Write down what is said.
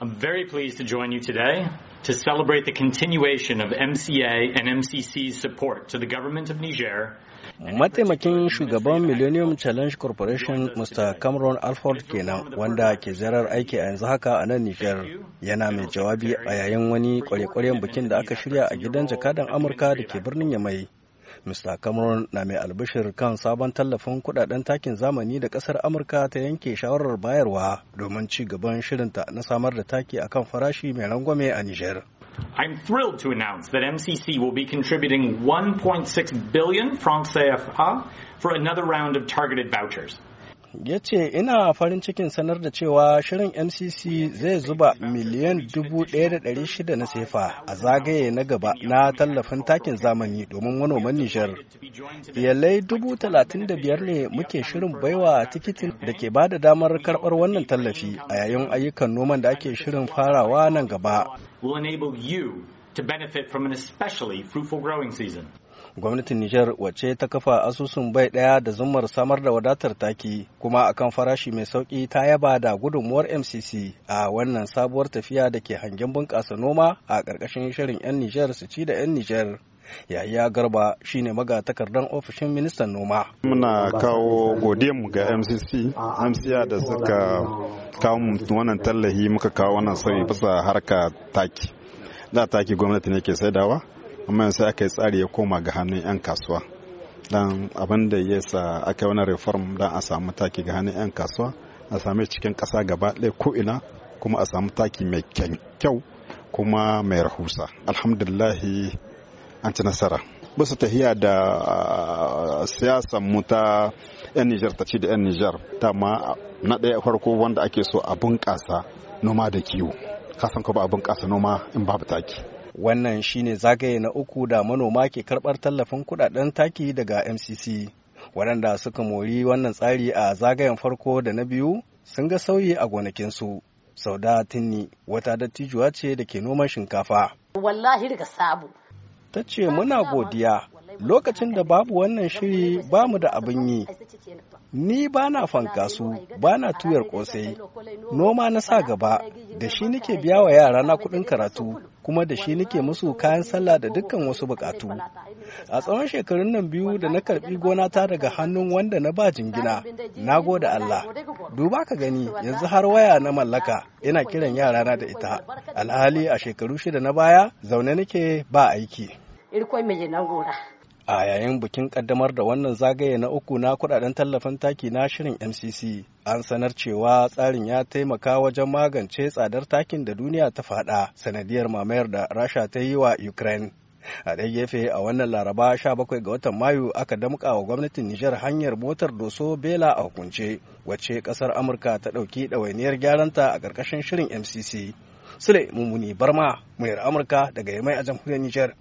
I'm very pleased to join you today to celebrate the continuation of MCA and MCC's support to the government of Niger. Mataimakin shugaban Millennium Challenge Corporation Mr. Cameron Alford kenan wanda ke aiki a yanzu haka a nan yana mai jawabi a yayin wani kwale-kwalen bikin da aka shirya a gidan jakadan Amurka da ke birnin Yamai. Mr. Cameron na mai albishir kan sabon tallafin kudaden takin zamani da kasar Amurka ta yanke shawarar bayarwa domin ci gaban shirinta na samar da taki akan farashi mai rangwame a niger I'm thrilled to announce that MCC will be contributing 1.6 billion francs CFA for another round of targeted vouchers. ya ce ina farin cikin sanar da cewa shirin mcc zai zuba miliyan 1,600 na sefa a zagaye na gaba na tallafin takin zamani domin manoman nijar iyalai 35,000 ne muke shirin baiwa tikitin da ke ba da damar karbar wannan tallafi a yayin ayyukan noman da ake shirin farawa nan gaba to from an especially fruitful gwamnatin Nijar wace ta kafa asusun bai ɗaya da zumar samar da wadatar taki kuma akan farashi mai sauki ta yaba da gudunmuwar MCC a wannan sabuwar tafiya da ke hangen bunƙasa noma a ƙarƙashin shirin 'yan Nijar su ci da 'yan Nijar. yahaya garba shine magatakardan ofishin ministan noma muna kawo mu ga mcc mca da suka kawo wannan tallahi muka kawo wannan sauyi bisa harka taki da taki gwamnati ne ke saidawa amma yanzu aka yi tsari ya koma ga hannun 'yan kasuwa don abin da ya sa aka yi wani reform don a samu taki ga hannun 'yan kasuwa a sami cikin kasa gaba ɗaya ko ina kuma a samu taki mai kyau kuma mai rahusa alhamdulillahi an ci nasara bisa tahiya da ah, siyasan mu ta 'yan nijar ta ci da 'yan nijar ta ma na ɗaya farko wanda ake so a bunƙasa noma da kiwo kasan ko ba a bunƙasa noma in babu taki Wannan shine zagaye na uku da manoma ke karɓar tallafin kudaden taki daga MCC. Waɗanda suka mori wannan tsari a zagayen farko da na biyu sun ga sauyi a gonakinsu. da Tinni wata dattijuwa ce da ke noman shinkafa. Wallahi daga sabu. Ta ce muna godiya lokacin da babu wannan shiri ba mu da abin yi Ni ba na fankasu, ba na tuyar kosai, noma na sa gaba, da shi nike biya wa yara na kuɗin karatu, kuma da shi nike musu kayan sallah da dukkan wasu bukatu. A tsawon shekarun nan biyu da na karɓi gona ta daga hannun wanda na ba jingina, na gode Allah. Duba ka gani yanzu har waya na mallaka, ina kiran yara na da ita. Alhali a shekaru shida na baya, zaune nake ba aiki. a yayin bikin kaddamar da wannan zagaye na uku na kudaden tallafin taki na shirin mcc an sanar cewa tsarin ya taimaka wajen magance tsadar takin da duniya ta fada sanadiyar mamayar da rasha ta yi wa ukraine a ɗaya gefe a wannan laraba 17 ga watan mayu aka damƙa wa gwamnatin nijar hanyar motar doso bela a hukunce wacce ƙasar amurka ta ɗauki ɗawainiyar gyaranta a ƙarƙashin shirin mcc sule mummuni barma muryar amurka daga yamai a jamhuriyar nijar